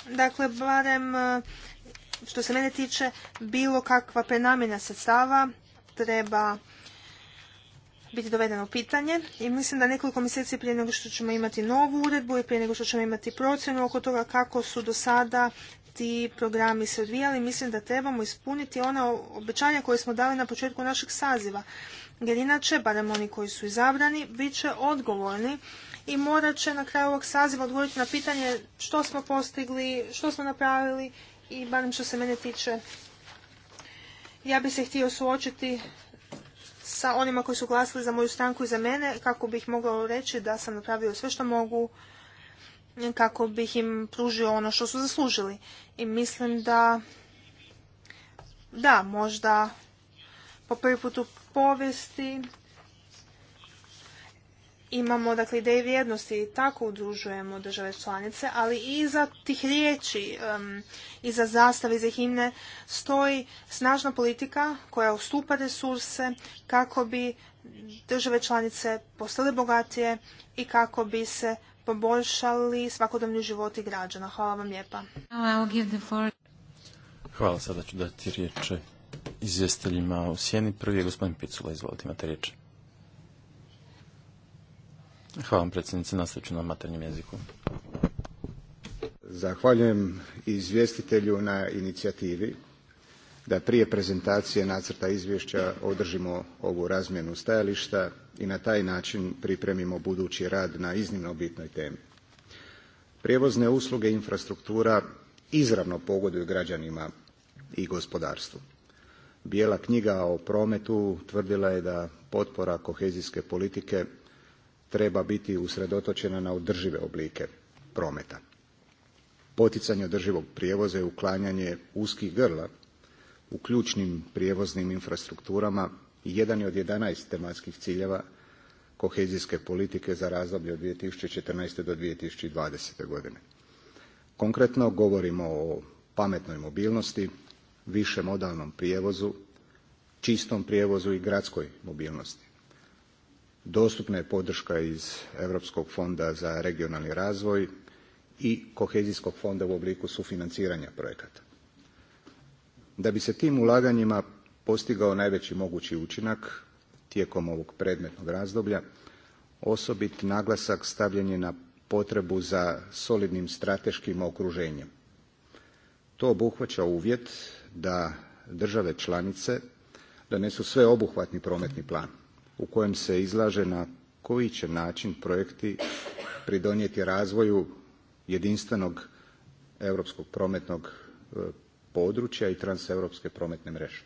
Dakle, barem e, što se mene tiče, bilo kakva prenamjena sredstava treba biti dovedeno u pitanje i mislim da nekoliko mjeseci prije nego što ćemo imati novu uredbu i prije nego što ćemo imati procjenu oko toga kako su do sada ti programi se odvijali, mislim da trebamo ispuniti ona obećanja koje smo dali na početku našeg saziva. Jer inače, barem oni koji su izabrani, bit će odgovorni i morat će na kraju ovog saziva odgovoriti na pitanje što smo postigli, što smo napravili i barem što se mene tiče ja bih se htio suočiti sa onima koji su glasili za moju stranku i za mene, kako bih mogao reći da sam napravio sve što mogu, kako bih im pružio ono što su zaslužili. I mislim da, da, možda po prvi put u povijesti imamo dakle ideje vrijednosti i tako udružujemo države članice, ali iza tih riječi, um, iza zastave, iza himne stoji snažna politika koja ustupa resurse kako bi države članice postale bogatije i kako bi se poboljšali svakodnevni životi građana. Hvala vam lijepa. Hvala, sada ću dati riječ izvjestiteljima u sjeni. Prvi je gospodin Picula, izvolite, imate riječ. Hvala vam predsjednice, na ću na maternjem jeziku. Zahvaljujem izvjestitelju na inicijativi da prije prezentacije nacrta izvješća održimo ovu razmjenu stajališta i na taj način pripremimo budući rad na iznimno bitnoj temi. Prijevozne usluge i infrastruktura izravno pogoduju građanima i gospodarstvu. Bijela knjiga o prometu tvrdila je da potpora kohezijske politike treba biti usredotočena na održive oblike prometa. Poticanje održivog prijevoza i uklanjanje uskih grla u ključnim prijevoznim infrastrukturama jedan je od 11 tematskih ciljeva kohezijske politike za razdoblje od 2014. do 2020. godine. Konkretno govorimo o pametnoj mobilnosti, višemodalnom prijevozu, čistom prijevozu i gradskoj mobilnosti dostupna je podrška iz Europskog fonda za regionalni razvoj i kohezijskog fonda u obliku sufinanciranja projekata. Da bi se tim ulaganjima postigao najveći mogući učinak tijekom ovog predmetnog razdoblja, osobit naglasak stavljen je na potrebu za solidnim strateškim okruženjem. To obuhvaća uvjet da države članice donesu sveobuhvatni prometni plan u kojem se izlaže na koji će način projekti pridonijeti razvoju jedinstvenog europskog prometnog e, područja i transeuropske prometne mreže.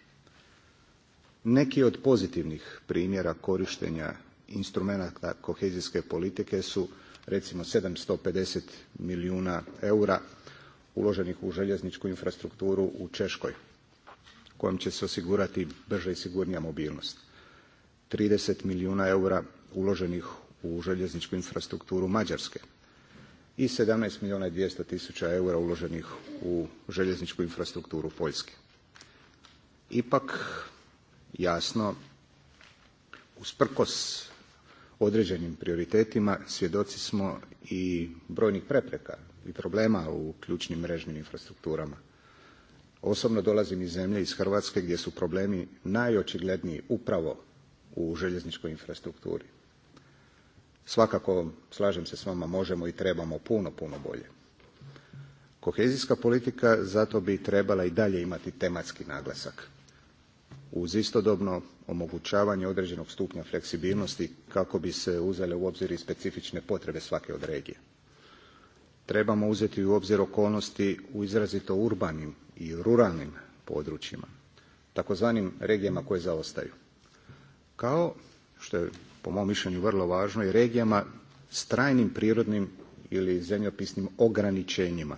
Neki od pozitivnih primjera korištenja instrumenata kohezijske politike su recimo 750 milijuna eura uloženih u željezničku infrastrukturu u Češkoj, kojom će se osigurati brža i sigurnija mobilnost. 30 milijuna eura uloženih u željezničku infrastrukturu Mađarske i 17 milijuna i 200 tisuća eura uloženih u željezničku infrastrukturu Poljske. Ipak, jasno, usprkos određenim prioritetima svjedoci smo i brojnih prepreka i problema u ključnim mrežnim infrastrukturama. Osobno dolazim iz zemlje, iz Hrvatske, gdje su problemi najočigledniji upravo u željezničkoj infrastrukturi. Svakako, slažem se s vama, možemo i trebamo puno, puno bolje. Kohezijska politika zato bi trebala i dalje imati tematski naglasak uz istodobno omogućavanje određenog stupnja fleksibilnosti kako bi se uzele u obzir i specifične potrebe svake od regije. Trebamo uzeti u obzir okolnosti u izrazito urbanim i ruralnim područjima, takozvanim regijama koje zaostaju kao što je po mom mišljenju vrlo važno i regijama s trajnim prirodnim ili zemljopisnim ograničenjima.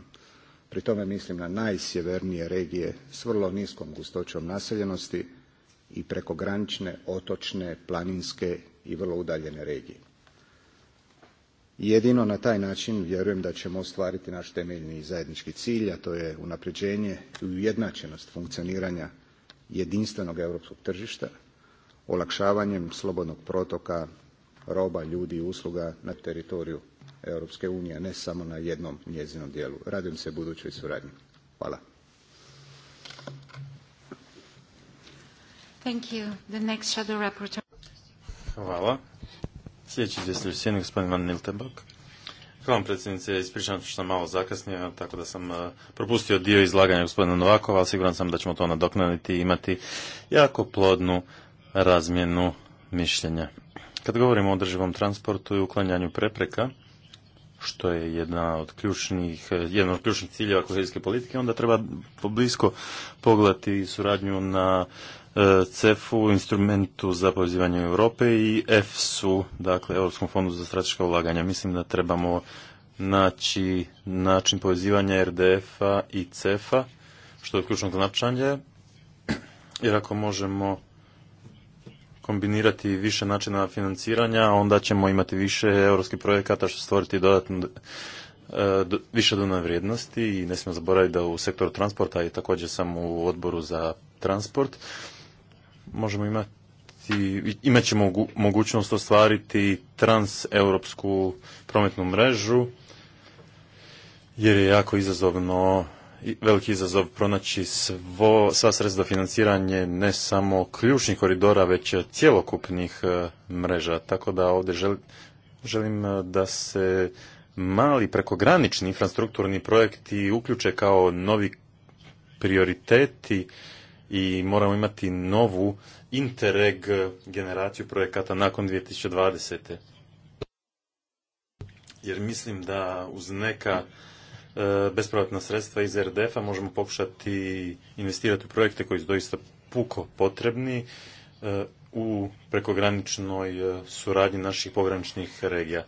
Pri tome mislim na najsjevernije regije s vrlo niskom gustoćom naseljenosti i prekogranične, otočne, planinske i vrlo udaljene regije. Jedino na taj način vjerujem da ćemo ostvariti naš temeljni zajednički cilj, a to je unapređenje i ujednačenost funkcioniranja jedinstvenog europskog tržišta olakšavanjem slobodnog protoka roba, ljudi i usluga na teritoriju Europske unije, ne samo na jednom njezinom dijelu. Radim se budućoj suradnji. Hvala. Thank you. The next shadow Hvala. Sljedeći gospodin Van Hvala predsjednice, ispričavam što sam malo zakasnio, tako da sam eh, propustio dio izlaganja gospodina Novakova, ali siguran sam da ćemo to nadoknaditi i imati jako plodnu razmjenu mišljenja. Kad govorimo o održivom transportu i uklanjanju prepreka, što je jedna od ključnih, jedan od ključnih ciljeva kohezijske politike, onda treba blisko pogledati suradnju na e, CEF-u, instrumentu za povezivanje Europe i EFSU, dakle Europskom fondu za strateška ulaganja. Mislim da trebamo naći način povezivanja RDF-a i CEF-a, što je ključno značanje, jer ako možemo kombinirati više načina financiranja, onda ćemo imati više europskih projekata što stvoriti dodatno e, više dodane vrijednosti i ne smijemo zaboraviti da u sektoru transporta i također sam u odboru za transport možemo imati imat ćemo mogućnost ostvariti transeuropsku prometnu mrežu jer je jako izazovno veliki izazov pronaći svo, sva sredstva financiranje ne samo ključnih koridora, već cjelokupnih e, mreža. Tako da ovdje želim, želim da se mali prekogranični infrastrukturni projekti uključe kao novi prioriteti i moramo imati novu Interreg generaciju projekata nakon 2020. Jer mislim da uz neka E, bespovratna sredstva iz RDF-a možemo pokušati investirati u projekte koji su doista puko potrebni e, u prekograničnoj e, suradnji naših pograničnih regija.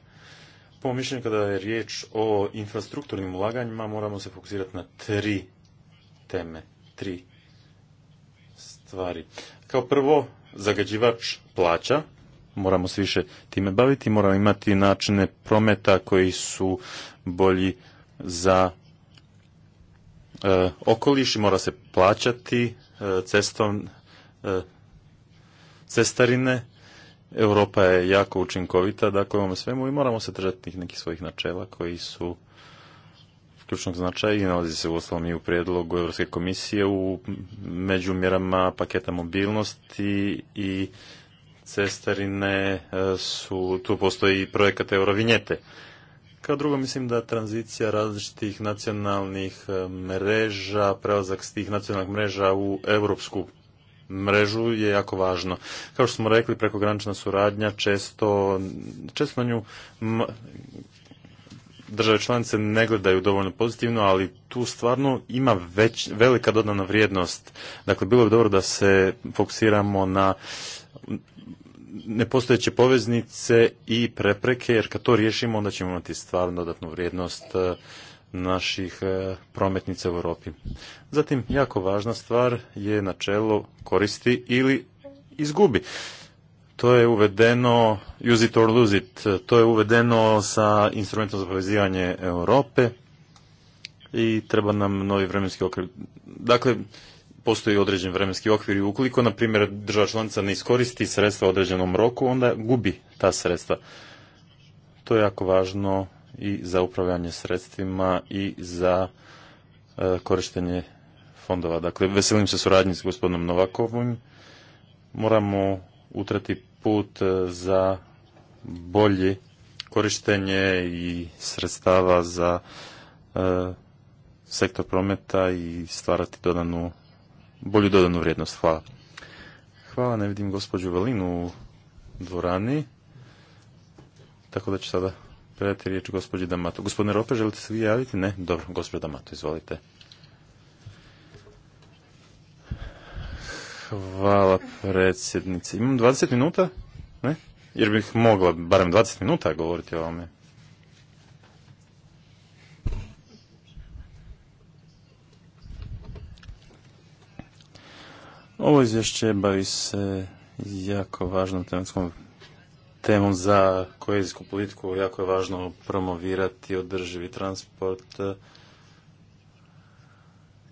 Po mišljenju kada je riječ o infrastrukturnim ulaganjima moramo se fokusirati na tri teme, tri stvari. Kao prvo, zagađivač plaća, moramo se više time baviti, moramo imati načine prometa koji su bolji za e, okoliš i mora se plaćati e, cestom, e, cestarine. Europa je jako učinkovita, dakle ovome svemu i moramo se držati tih nekih svojih načela koji su ključnog značaja i nalazi se uostalom i u prijedlogu Europske komisije u međumjerama paketa mobilnosti i cestarine su, tu postoji projekat Eurovinjete. Kao drugo, mislim da tranzicija različitih nacionalnih e, mreža, prelazak s tih nacionalnih mreža u europsku mrežu je jako važno. Kao što smo rekli, prekogranična suradnja često, često na nju države članice ne gledaju dovoljno pozitivno, ali tu stvarno ima već, velika dodana vrijednost. Dakle, bilo bi dobro da se fokusiramo na nepostojeće poveznice i prepreke, jer kad to riješimo, onda ćemo imati stvarno dodatnu vrijednost e, naših e, prometnica u Europi. Zatim, jako važna stvar je načelo koristi ili izgubi. To je uvedeno, use it or lose it, to je uvedeno sa instrumentom za povezivanje Europe i treba nam novi vremenski okvir. Dakle, postoji određen vremenski okvir i ukoliko, na primjer, država članica ne iskoristi sredstva u određenom roku, onda gubi ta sredstva. To je jako važno i za upravljanje sredstvima i za e, korištenje fondova. Dakle, veselim se suradnji s gospodinom Novakovim. Moramo utrati put e, za bolje korištenje i sredstava za e, sektor prometa i stvarati dodanu bolju dodanu vrijednost. Hvala. Hvala, ne vidim gospođu Velinu u dvorani. Tako da ću sada predati riječ gospođi Damato. Gospodine Rope, želite se vi javiti? Ne? Dobro, gospođo Damato, izvolite. Hvala predsjednici. Imam 20 minuta? Ne? Jer bih mogla barem 20 minuta govoriti o ovome. Ovo izvješće bavi se jako važnom tematskom temom za kohezijsku politiku. Jako je važno promovirati održivi transport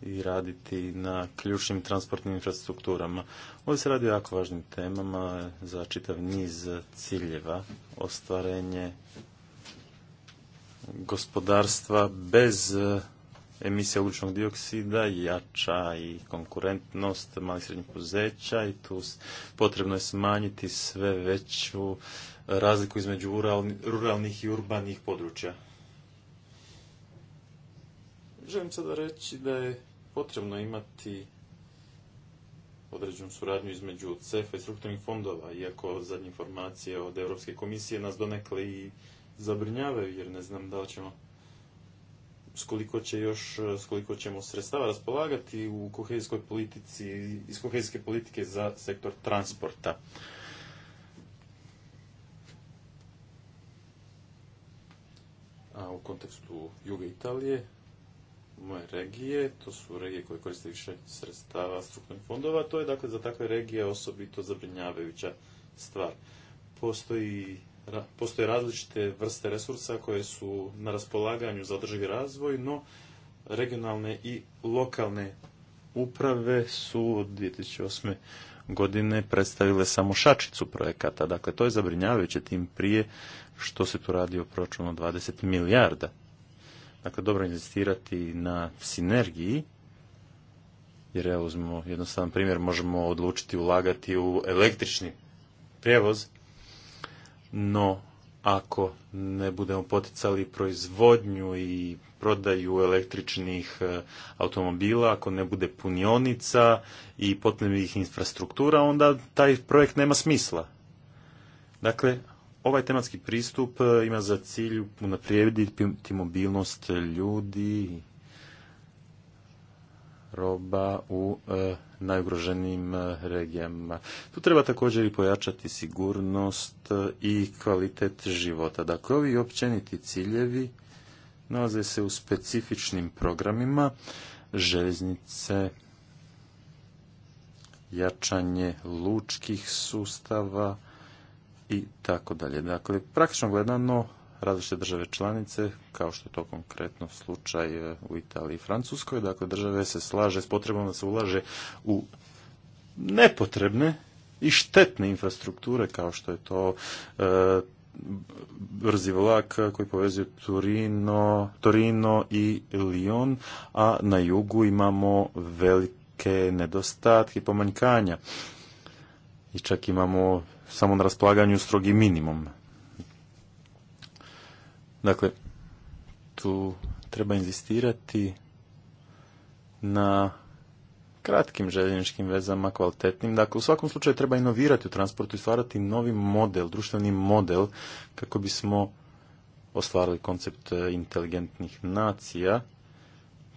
i raditi na ključnim transportnim infrastrukturama. Ovdje se radi o jako važnim temama za čitav niz ciljeva, ostvarenje gospodarstva bez emisija ugljičnog dioksida, jača i konkurentnost malih srednjih poduzeća i tu potrebno je smanjiti sve veću razliku između ruralnih i urbanih područja. Želim sada reći da je potrebno imati određenu suradnju između cef i strukturnih fondova, iako zadnje informacije od Europske komisije nas donekle i zabrinjavaju, jer ne znam da li ćemo E, s koliko ćemo sredstava raspolagati u kohezijskoj politici, iz kohezijske politike za sektor transporta. A u kontekstu Juga Italije, moje regije, to su regije koje koriste više sredstava strukturnih fondova, to je dakle za takve regije osobito zabrinjavajuća stvar. Postoji postoje različite vrste resursa koje su na raspolaganju za održivi razvoj, no regionalne i lokalne uprave su od 2008. godine predstavile samo šačicu projekata. Dakle, to je zabrinjavajuće tim prije što se tu radi o proračunu 20 milijarda. Dakle, dobro investirati na sinergiji, jer evo uzmemo jednostavan primjer, možemo odlučiti ulagati u električni prijevoz, no ako ne budemo poticali proizvodnju i prodaju električnih e, automobila, ako ne bude punionica i potrebnih infrastruktura, onda taj projekt nema smisla. Dakle, ovaj tematski pristup e, ima za cilj unaprijediti mobilnost ljudi roba u e, najugroženijim e, regijama. Tu treba također i pojačati sigurnost e, i kvalitet života. Dakle, ovi općeniti ciljevi nalaze se u specifičnim programima željeznice, jačanje lučkih sustava i tako dalje. Dakle, praktično gledano, različite države članice, kao što je to konkretno slučaj e, u Italiji i Francuskoj. Dakle, države se slaže s potrebom da se ulaže u nepotrebne i štetne infrastrukture, kao što je to e, brzi vlak koji povezuje Turino, Torino i Lyon, a na jugu imamo velike nedostatke i pomanjkanja. I čak imamo samo na raspolaganju strogi minimum Dakle, tu treba inzistirati na kratkim željezničkim vezama, kvalitetnim. Dakle, u svakom slučaju treba inovirati u transportu i stvarati novi model, društveni model, kako bismo ostvarili koncept eh, inteligentnih nacija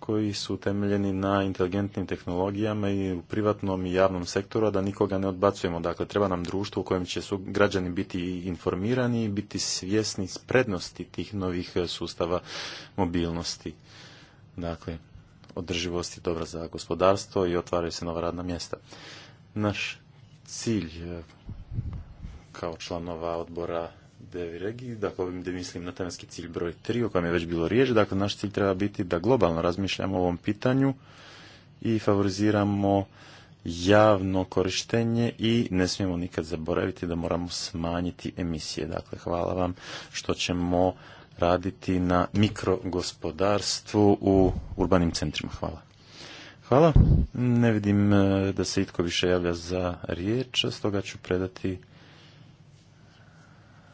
koji su temeljeni na inteligentnim tehnologijama i u privatnom i javnom sektoru, a da nikoga ne odbacujemo. Dakle, treba nam društvo u kojem će su građani biti informirani i biti svjesni prednosti tih novih sustava mobilnosti. Dakle, održivost je dobra za gospodarstvo i otvaraju se nova radna mjesta. Naš cilj eh, kao članova odbora regiji, dakle ovim gdje mislim na tematski cilj broj 3 o kojem je već bilo riječ, dakle naš cilj treba biti da globalno razmišljamo o ovom pitanju i favoriziramo javno korištenje i ne smijemo nikad zaboraviti da moramo smanjiti emisije. Dakle, hvala vam što ćemo raditi na mikrogospodarstvu u urbanim centrima. Hvala. Hvala. Ne vidim eh, da se itko više javlja za riječ, stoga ću predati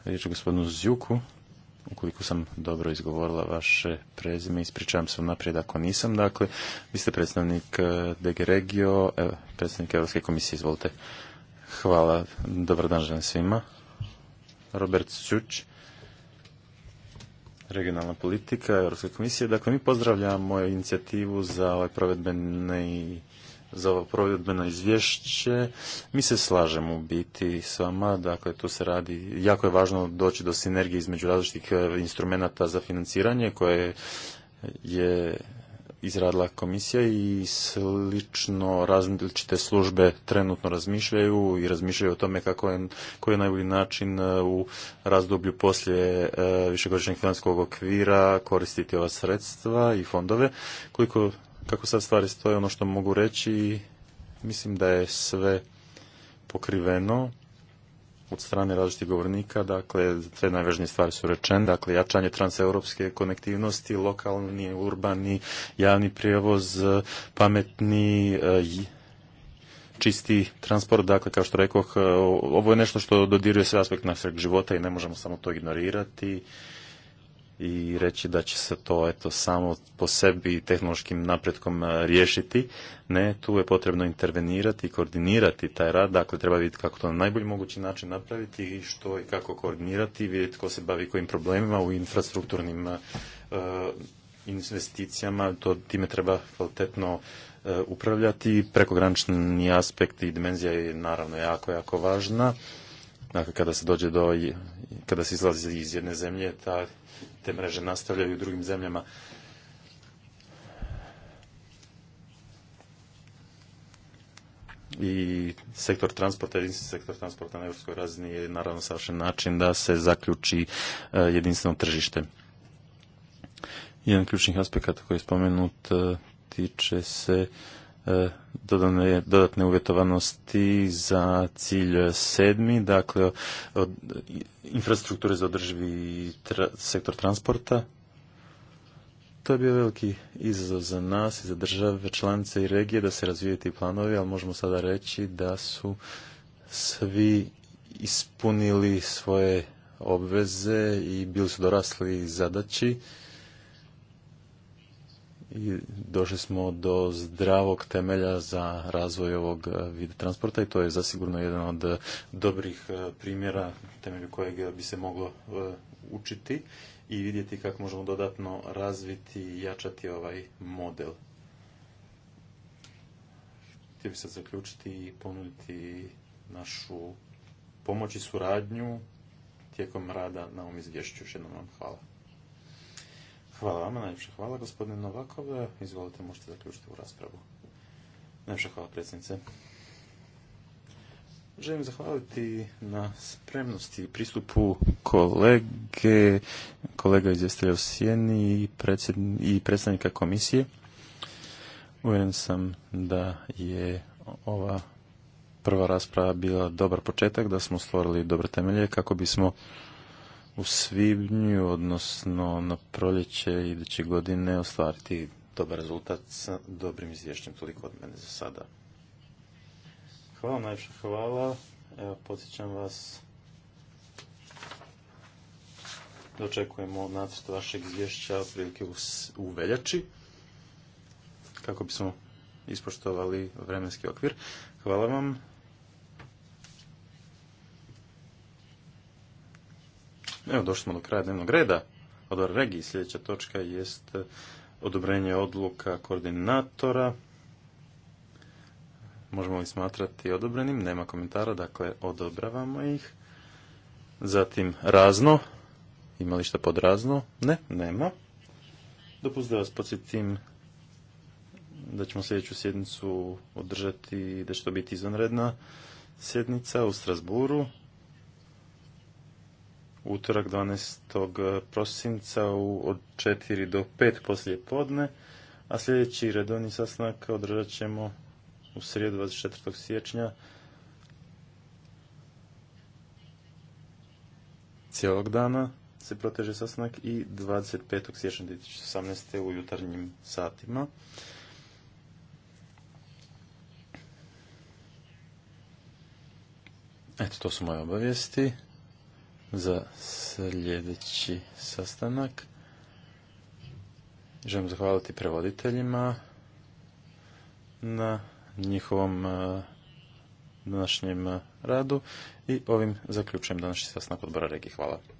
riječ gospodinu Zjuku. Ukoliko sam dobro izgovorila vaše prezime, ispričavam se naprijed ako nisam. Dakle, vi ste predstavnik eh, DG Regio, eh, predstavnik Europske komisije, izvolite. Hvala, dobar dan želim svima. Robert Ćuć, regionalna politika Europske komisije. Dakle, mi pozdravljamo inicijativu za ovaj provedbeni za ovo provedbeno izvješće. Mi se slažemo u biti s vama, dakle tu se radi, jako je važno doći do sinergije između različitih e, instrumenata za financiranje koje je izradila komisija i slično različite službe trenutno razmišljaju i razmišljaju o tome kako je, koji je najbolji način e, u razdoblju poslije e, višegodišnjeg financijskog okvira koristiti ova sredstva i fondove. Koliko kako sad stvari stoje, ono što mogu reći, mislim da je sve pokriveno od strane različitih govornika, dakle, sve najvažnije stvari su rečene, dakle, jačanje transeuropske konektivnosti, lokalni, urbani, javni prijevoz, pametni, e, čisti transport, dakle, kao što rekoh, e, ovo je nešto što dodiruje sve aspekt našeg života i ne možemo samo to ignorirati i reći da će se to eto samo po sebi tehnološkim napretkom e, riješiti. Ne, tu je potrebno intervenirati i koordinirati taj rad, dakle treba vidjeti kako to na najbolji mogući način napraviti i što i kako koordinirati, vidjeti ko se bavi kojim problemima u infrastrukturnim e, e, investicijama, to time treba kvalitetno upravljati. Prekogranični aspekt i dimenzija je naravno jako, jako važna. Dakle, kada se dođe do, kada se izlazi iz jedne zemlje, ta te mreže nastavljaju u drugim zemljama. i sektor transporta, jedinstveni sektor transporta na europskoj razini je naravno savršen način da se zaključi e, jedinstveno tržište. Jedan ključnih aspekata koji je spomenut e, tiče se E, dodane, dodatne uvjetovanosti za cilj sedmi, dakle od, infrastrukture za održivi sektor transporta. To je bio veliki izazov za nas i za države, članice i regije da se razvijaju ti planovi, ali možemo sada reći da su svi ispunili svoje obveze i bili su dorasli zadaći i došli smo do zdravog temelja za razvoj ovog e, vide transporta i to je zasigurno jedan od e, dobrih e, primjera temelju kojeg bi se moglo učiti i vidjeti kako možemo dodatno razviti i jačati ovaj model. Htio bih sad zaključiti i ponuditi našu pomoć i suradnju tijekom rada na ovom izvješću. Još jednom vam hvala. Hvala vama, najviše hvala gospodine Novakov. Izvolite, možete zaključiti u raspravu. najviše hvala predsjednice. Želim zahvaliti na spremnosti i pristupu kolege, kolega iz u Sjeni i predstavnika komisije. Uvjeren sam da je ova prva rasprava bila dobar početak, da smo stvorili dobre temelje kako bismo u svibnju, odnosno na proljeće iduće godine ostvariti dobar rezultat sa dobrim izvješćem. Toliko od mene za sada. Hvala, najviše hvala. Evo, podsjećam vas da očekujemo nacrt vašeg izvješća otprilike u veljači kako bismo ispoštovali vremenski okvir. Hvala vam. Evo, došli smo do kraja dnevnog reda. Odbor regiji sljedeća točka jest eh, odobrenje odluka koordinatora. Možemo li smatrati odobrenim? Nema komentara, dakle odobravamo ih. Zatim razno. Ima li šta pod razno? Ne, nema. Dopust da vas podsjetim da ćemo sljedeću sjednicu održati, da će to biti izvanredna sjednica u Strasburu utorak 12. Eh, prosinca u, od 4 do 5 poslije podne, a sljedeći redovni sastanak održat ćemo u srijedu 24. siječnja cijelog dana se proteže sastanak i 25. siječnja 2018. u jutarnjim satima. Eto, to su moje obavijesti za sljedeći sastanak. Želim zahvaliti prevoditeljima na njihovom e, današnjem radu i ovim zaključujem današnji sastanak odbora regije. Hvala.